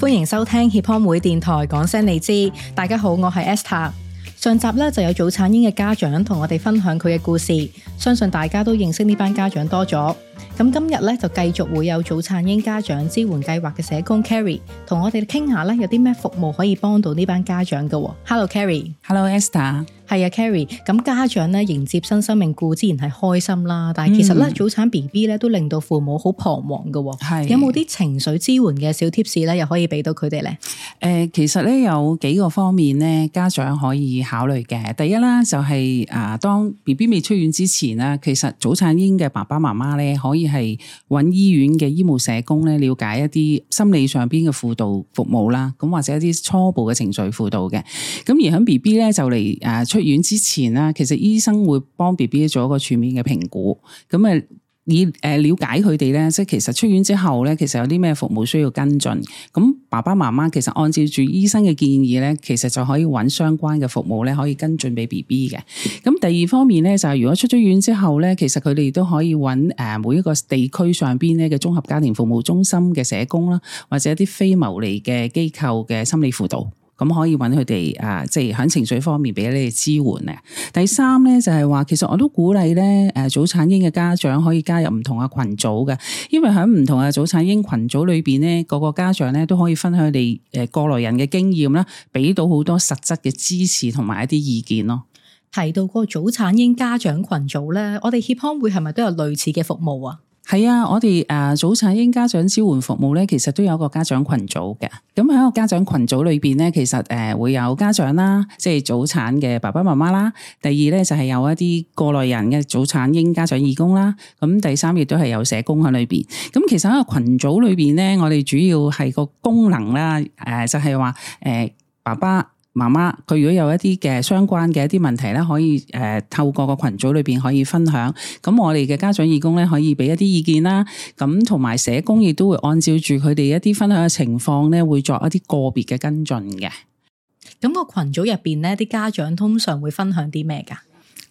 歡迎收聽協康會電台，講聲你知。大家好，我係 Esther。上集呢就有早產嬰嘅家長同我哋分享佢嘅故事，相信大家都認識呢班家長多咗。今日就繼續會有早產嬰家長支援計劃嘅社工 Carrie 同我哋傾下有啲咩服務可以幫到呢班家長噶。Hello Carrie。Hello Esther。係啊 Carrie。咁 Esther、啊、家長迎接新生、生命固然前係開心啦，但係其實早產 B B 都令到父母好彷徨噶。嗯、有冇啲情緒支援嘅小貼士又可以俾到佢哋呢，呃？其實有幾個方面咧，家長可以考慮嘅。第一啦，就係、是、誒當 B B 未出院之前啦，其實早產嬰嘅爸爸媽媽咧。可以係揾醫院嘅醫務社工咧，了解一啲心理上邊嘅輔導服務啦，咁或者一啲初步嘅情緒輔導嘅。咁而響 BB 咧就嚟誒出院之前啦，其實醫生會幫 BB 做一個全面嘅評估，咁誒。以誒了解佢哋咧，即係其實出院之後咧，其實有啲咩服務需要跟進？咁爸爸媽媽其實按照住醫生嘅建議咧，其實就可以揾相關嘅服務咧，可以跟進俾 BB 嘅。咁第二方面咧，就係如果出咗院之後咧，其實佢哋都可以揾每一個地區上邊咧嘅綜合家庭服務中心嘅社工啦，或者一啲非牟利嘅機構嘅心理輔導。咁可以揾佢哋啊，即係喺情緒方面俾你哋支援啊。第三咧就係話，其實我都鼓勵咧，誒早產嬰嘅家長可以加入唔同嘅群組嘅，因為喺唔同嘅早產嬰群組裏邊咧，個個家長咧都可以分享佢哋誒過來人嘅經驗啦，俾到好多實質嘅支持同埋一啲意見咯。提到嗰個早產嬰家長群組咧，我哋協康會係咪都有類似嘅服務啊？係啊，我哋誒早產嬰家長支援服務咧，其實都有一個家長群組嘅。咁喺個家長群組裏邊咧，其實誒會有家長啦，即係早產嘅爸爸媽媽啦。第二咧就係有一啲過來人嘅早產嬰家長義工啦。咁第三亦都係有社工喺裏邊。咁其實喺個群組裏邊咧，我哋主要係個功能啦，誒就係話誒爸爸。媽媽佢如果有一啲嘅相關嘅一啲問題咧，可以誒、呃、透過個群組裏邊可以分享。咁我哋嘅家長義工咧，可以俾一啲意見啦。咁同埋社工亦都會按照住佢哋一啲分享嘅情況咧，會作一啲個別嘅跟進嘅。咁個群組入邊咧，啲家長通常會分享啲咩㗎？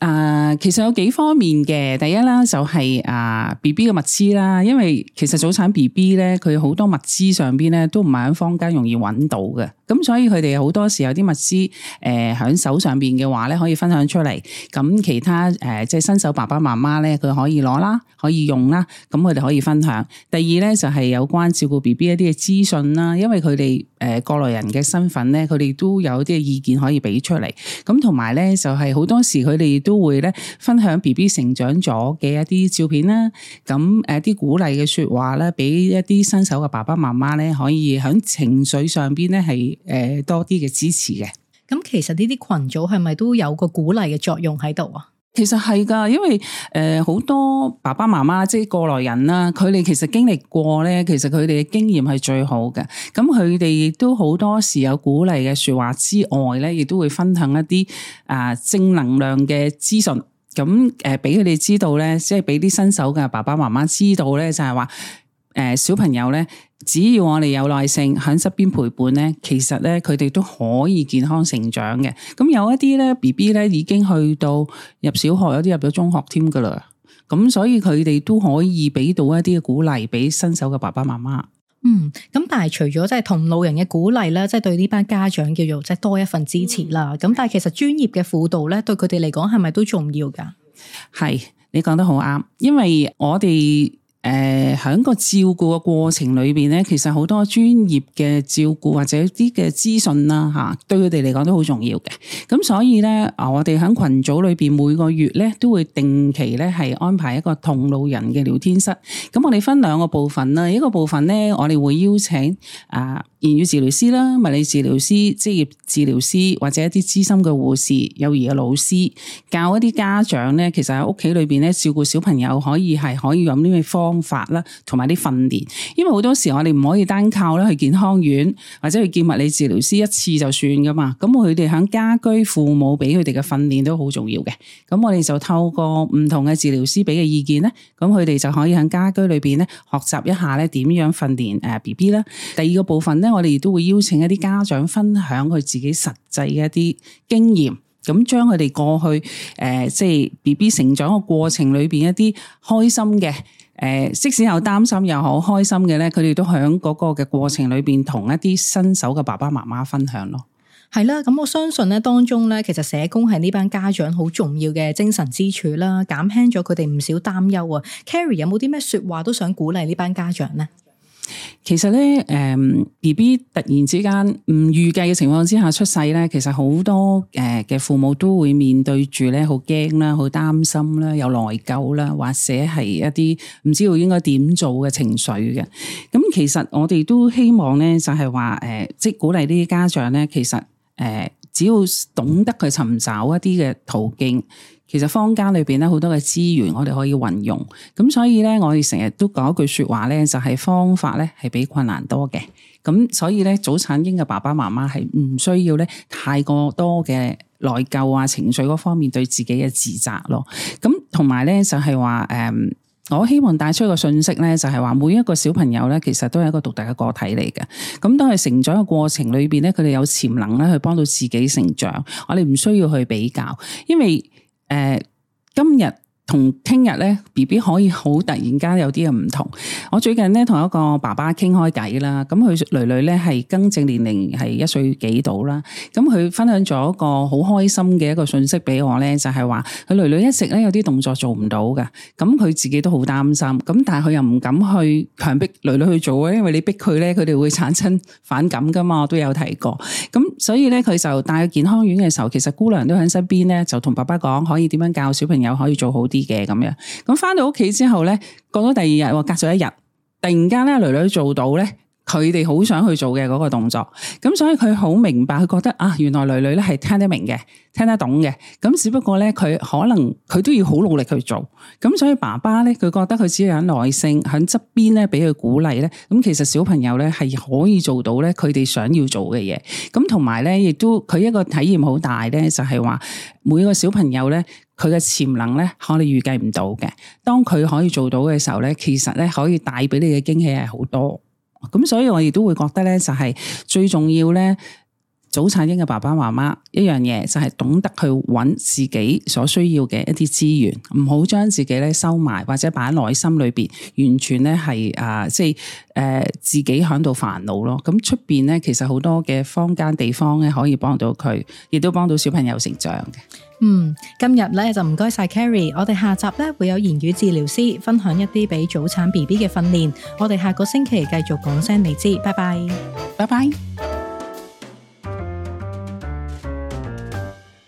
啊，其實有幾方面嘅。第一啦，就係啊，B B 嘅物資啦，因為其實早產 B B 咧，佢好多物資上邊咧都唔係喺坊間容易揾到嘅。咁所以佢哋好多時有啲物資，誒、呃、響手上邊嘅話咧，可以分享出嚟。咁其他誒、呃、即係新手爸爸媽媽咧，佢可以攞啦，可以用啦。咁佢哋可以分享。第二咧就係有關照顧 B B 一啲嘅資訊啦，因為佢哋誒過來人嘅身份咧，佢哋都有啲意見可以俾出嚟。咁同埋咧就係、是、好多時佢哋都，都會咧分享 BB 成長咗嘅一啲照片啦，咁誒啲鼓勵嘅說話咧，俾一啲新手嘅爸爸媽媽咧，可以響情緒上邊咧係誒多啲嘅支持嘅。咁其實呢啲群組係咪都有個鼓勵嘅作用喺度啊？其實係噶，因為誒呃、好多爸爸媽媽即係過來人啦，佢哋其實經歷過咧，其實佢哋嘅經驗係最好嘅。咁佢哋亦都好多時有鼓勵嘅說話之外咧，亦都會分享一啲啊、呃、正能量嘅資訊。咁誒俾佢哋知道咧，即係俾啲新手嘅爸爸媽媽知道咧，就係話誒小朋友咧。只要我哋有耐性，喺身邊陪伴咧，其實咧佢哋都可以健康成長嘅。咁有一啲咧 B B 咧已經去到入小學，有啲入咗中學添噶啦。咁所以佢哋都可以俾到一啲嘅鼓勵俾新手嘅爸爸媽媽。嗯，咁但係除咗即係同路人嘅鼓勵咧，即係對呢班家長叫做即係多一份支持啦。咁、嗯、但係其實專業嘅輔導咧，對佢哋嚟講係咪都重要噶係，你講得好啱，因為我哋。誒，喺、呃、個照顧嘅過程裏邊咧，其實好多專業嘅照顧或者一啲嘅資訊啦，吓，對佢哋嚟講都好重要嘅。咁所以咧，我哋喺群組裏邊每個月咧都會定期咧係安排一個同路人嘅聊天室。咁、嗯、我哋分兩個部分啦，一個部分咧，我哋會邀請啊、呃、言語治療師啦、物理治療師、職業治療師或者一啲資深嘅護士、幼兒嘅老師，教一啲家長咧，其實喺屋企裏邊咧照顧小朋友可以係可以用呢啲科。方法啦，同埋啲訓練，因為好多時我哋唔可以單靠咧去健康院或者去見物理治療師一次就算噶嘛。咁佢哋喺家居父母俾佢哋嘅訓練都好重要嘅。咁我哋就透過唔同嘅治療師俾嘅意見咧，咁佢哋就可以喺家居裏邊咧學習一下咧點樣訓練誒 BB 啦。第二個部分咧，我哋亦都會邀請一啲家長分享佢自己實際嘅一啲經驗，咁將佢哋過去誒、呃、即係 BB 成長嘅過程裏邊一啲開心嘅。誒，即使有擔心又好開心嘅，咧，佢哋都喺嗰個嘅過程裏邊，同一啲新手嘅爸爸媽媽分享咯。係啦，咁我相信咧，當中咧，其實社工係呢班家長好重要嘅精神支柱啦，減輕咗佢哋唔少擔憂啊。Cari 有冇啲咩說話都想鼓勵呢班家長咧？其實咧，誒，BB 突然之間唔預計嘅情況之下出世咧，其實好多誒嘅、呃、父母都會面對住咧，好驚啦，好擔心啦，有內疚啦，或者係一啲唔知道應該點做嘅情緒嘅。咁、嗯、其實我哋都希望咧，就係話誒，即係鼓勵呢啲家長咧，其實誒。呃只要懂得去尋找一啲嘅途徑，其實坊間裏邊咧，好多嘅資源，我哋可以運用。咁所以咧，我哋成日都講一句説話咧，就係方法咧係比困難多嘅。咁所以咧，早產嬰嘅爸爸媽媽係唔需要咧太過多嘅內疚啊、情緒嗰方面對自己嘅自責咯。咁同埋咧就係話誒。嗯我希望帶出一個信息咧，就係話每一個小朋友咧，其實都係一個獨特嘅個體嚟嘅。咁當係成長嘅過程裏邊咧，佢哋有潛能咧去幫到自己成長。我哋唔需要去比較，因為誒、呃、今日。同聽日咧，BB 可以好突然間有啲嘅唔同。我最近咧，同一個爸爸傾開偈啦。咁佢囡囡咧係更正年齡係一歲幾到啦。咁佢分享咗一個好開心嘅一個信息俾我咧，就係話佢囡囡一直咧有啲動作做唔到嘅。咁佢自己都好擔心。咁但係佢又唔敢去強迫囡囡去做啊，因為你逼佢咧，佢哋會產生反感噶嘛。我都有提過。咁所以咧，佢就帶去健康院嘅時候，其實姑娘都喺身邊咧，就同爸爸講可以點樣教小朋友可以做好啲。嘅咁樣，咁翻到屋企之後咧，過咗第二日，隔咗一日，突然間咧，女女做到咧。佢哋好想去做嘅嗰個動作，咁所以佢好明白，佢覺得啊，原來女女咧係聽得明嘅，聽得懂嘅，咁只不過咧佢可能佢都要好努力去做，咁所以爸爸咧佢覺得佢只要有耐性，響側邊咧俾佢鼓勵咧，咁其實小朋友咧係可以做到咧佢哋想要做嘅嘢，咁同埋咧亦都佢一個體驗好大咧，就係話每個小朋友咧佢嘅潛能咧，可能預計唔到嘅，當佢可以做到嘅時候咧，其實咧可以帶俾你嘅驚喜係好多。咁所以，我亦都會覺得咧，就係最重要咧。早產嬰嘅爸爸媽媽，一樣嘢就係懂得去揾自己所需要嘅一啲資源，唔好將自己收埋，或者把內心裏邊完全咧啊、呃，即係，呃，自己響度煩惱咯。咁出邊咧，面其實好多嘅坊間地方可以幫到佢，亦都幫到小朋友成長嘅。嗯，今日咧就唔該晒 Cari，我哋下集咧會有言語治療師分享一啲俾早產 B B 嘅訓練，我哋下個星期繼續講聲你知，拜拜，拜拜。